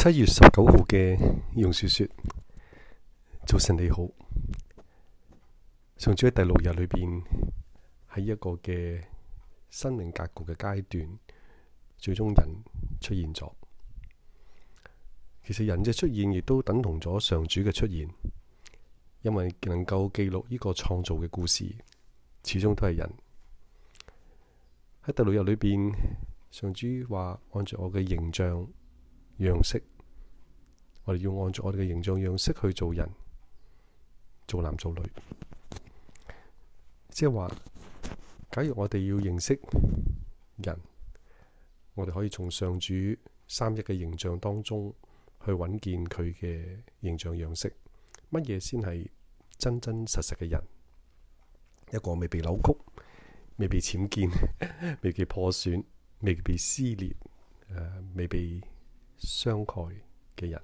七月十九號嘅楊樹說：早晨你好，上主喺第六日裏邊喺一個嘅生命格局嘅階段，最終人出現咗。其實人嘅出現，亦都等同咗上主嘅出現，因為能夠記錄呢個創造嘅故事，始終都係人喺第六日裏邊，上主話按照我嘅形象。樣式，我哋要按照我哋嘅形象樣式去做人，做男做女，即係話，假如我哋要認識人，我哋可以從上主三一嘅形象當中去搵見佢嘅形象樣式，乜嘢先係真真實實嘅人？一個未被扭曲、未被僭建、未被破損、未被撕裂，未被。未被相蓋嘅人，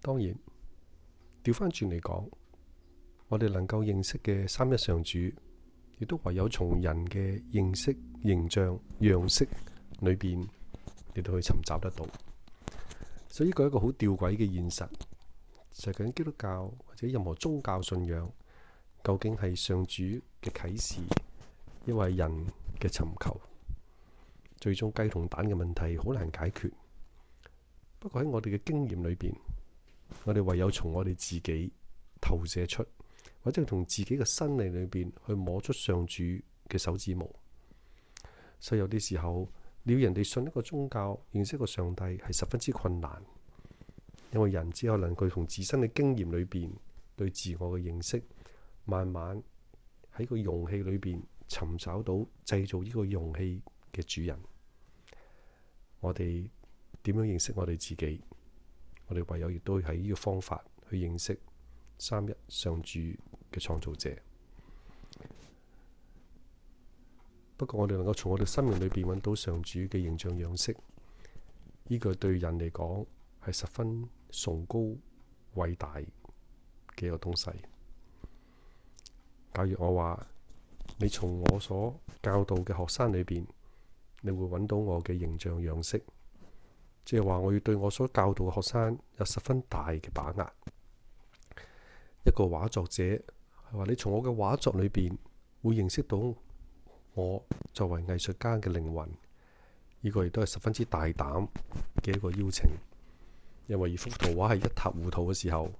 當然調翻轉嚟講，我哋能夠認識嘅三一上主，亦都唯有從人嘅認識、形象、樣式裏邊，都可以尋找得到。所以，佢係一個好吊詭嘅現實，就係究竟基督教或者任何宗教信仰，究竟係上主嘅啟示，抑或人嘅尋求？最終雞同蛋嘅問題好難解決。不過喺我哋嘅經驗裏邊，我哋唯有從我哋自己投射出，或者從自己嘅心理裏邊去摸出上主嘅手指模。所以有啲時候，你要人哋信一個宗教，認識個上帝係十分之困難，因為人只可能佢從自身嘅經驗裏邊對自我嘅認識，慢慢喺個容器裏邊尋找到製造呢個容器嘅主人。我哋。點樣認識我哋自己？我哋唯有亦都喺呢個方法去認識三一上主嘅創造者。不過，我哋能夠從我哋生命裏邊搵到上主嘅形象樣式，呢個對人嚟講係十分崇高偉大嘅一個東西。假如我話你從我所教導嘅學生裏邊，你會搵到我嘅形象樣式。即係話，我要對我所教導嘅學生有十分大嘅把握。一個畫作者係話，你從我嘅畫作裏邊會認識到我作為藝術家嘅靈魂。呢個亦都係十分之大膽嘅一個邀請。因為而幅圖畫係一塌糊塗嘅時候，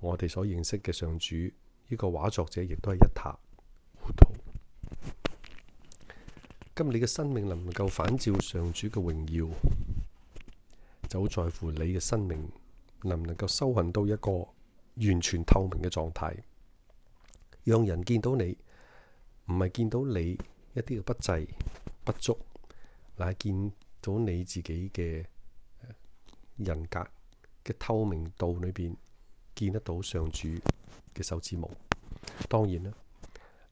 我哋所認識嘅上主呢個畫作者亦都係一塌糊塗。今日你嘅生命能唔能夠反照上主嘅榮耀。就好在乎你嘅生命能唔能夠修行到一個完全透明嘅狀態，讓人見到你唔係見到你一啲嘅不濟不足，嗱，見到你自己嘅人格嘅透明度裏邊見得到上主嘅手指模。當然啦，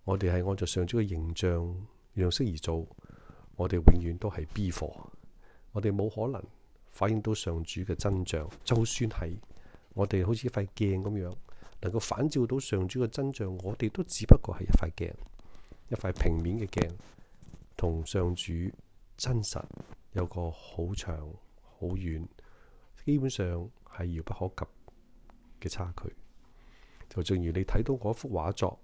我哋係按照上主嘅形象樣式而做，我哋永遠都係 B 貨，我哋冇可能，反映到上主嘅真像，就算係我哋好似一塊鏡咁樣，能夠反照到上主嘅真像，我哋都只不過係一塊鏡，一塊平面嘅鏡，同上主真實有個好長、好遠，基本上係遙不可及嘅差距。就正如你睇到嗰一幅畫作，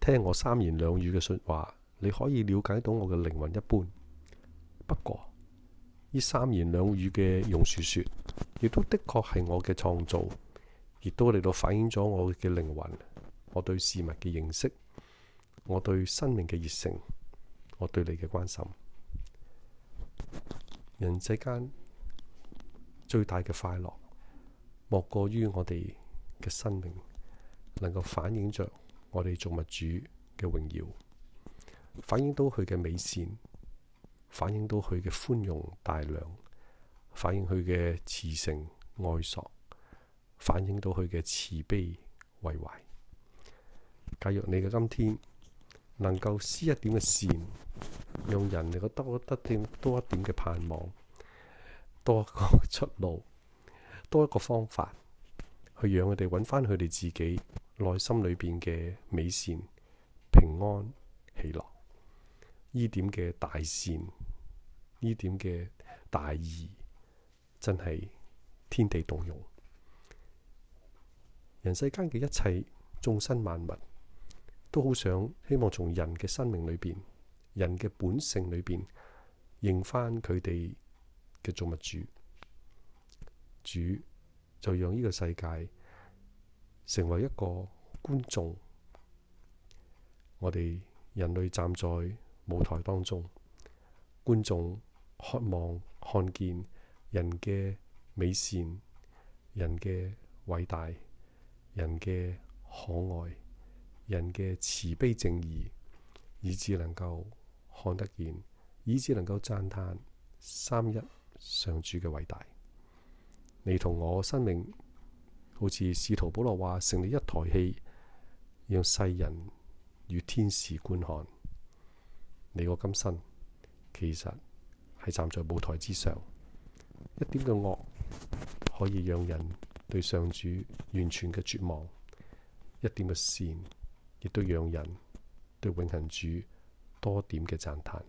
聽我三言兩語嘅說話，你可以了解到我嘅靈魂一般，不過。呢三言兩語嘅榕樹說，亦都的確係我嘅創造，亦都嚟到反映咗我嘅靈魂，我對事物嘅認識，我對生命嘅熱誠，我對你嘅關心。人世間最大嘅快樂，莫過於我哋嘅生命能夠反映着我哋造物主嘅榮耀，反映到佢嘅美善。反映到佢嘅寬容大量，反映佢嘅慈誠愛索，反映到佢嘅慈悲為懷。假如你嘅今天能夠施一點嘅善，讓人哋覺得得點多一點嘅盼望，多一個出路，多一個方法，去讓佢哋揾翻佢哋自己內心裏邊嘅美善、平安喜樂、喜樂，依點嘅大善。呢點嘅大義真係天地動容，人世間嘅一切眾生萬物都好想希望從人嘅生命裏邊、人嘅本性裏邊認返佢哋嘅造物主。主就讓呢個世界成為一個觀眾，我哋人類站在舞台當中，觀眾。渴望看見人嘅美善、人嘅偉大、人嘅可愛，人嘅慈悲正義，以至能夠看得見，以至能夠讚歎三一上主嘅偉大。你同我生命好似使徒保羅話成了一台戲，讓世人與天使觀看。你我今生其實。係站在舞台之上，一點嘅惡可以讓人對上主完全嘅絕望；一點嘅善，亦都讓人對永恆主多點嘅讚歎。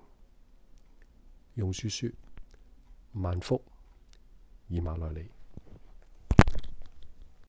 用書說，萬福以馬內利。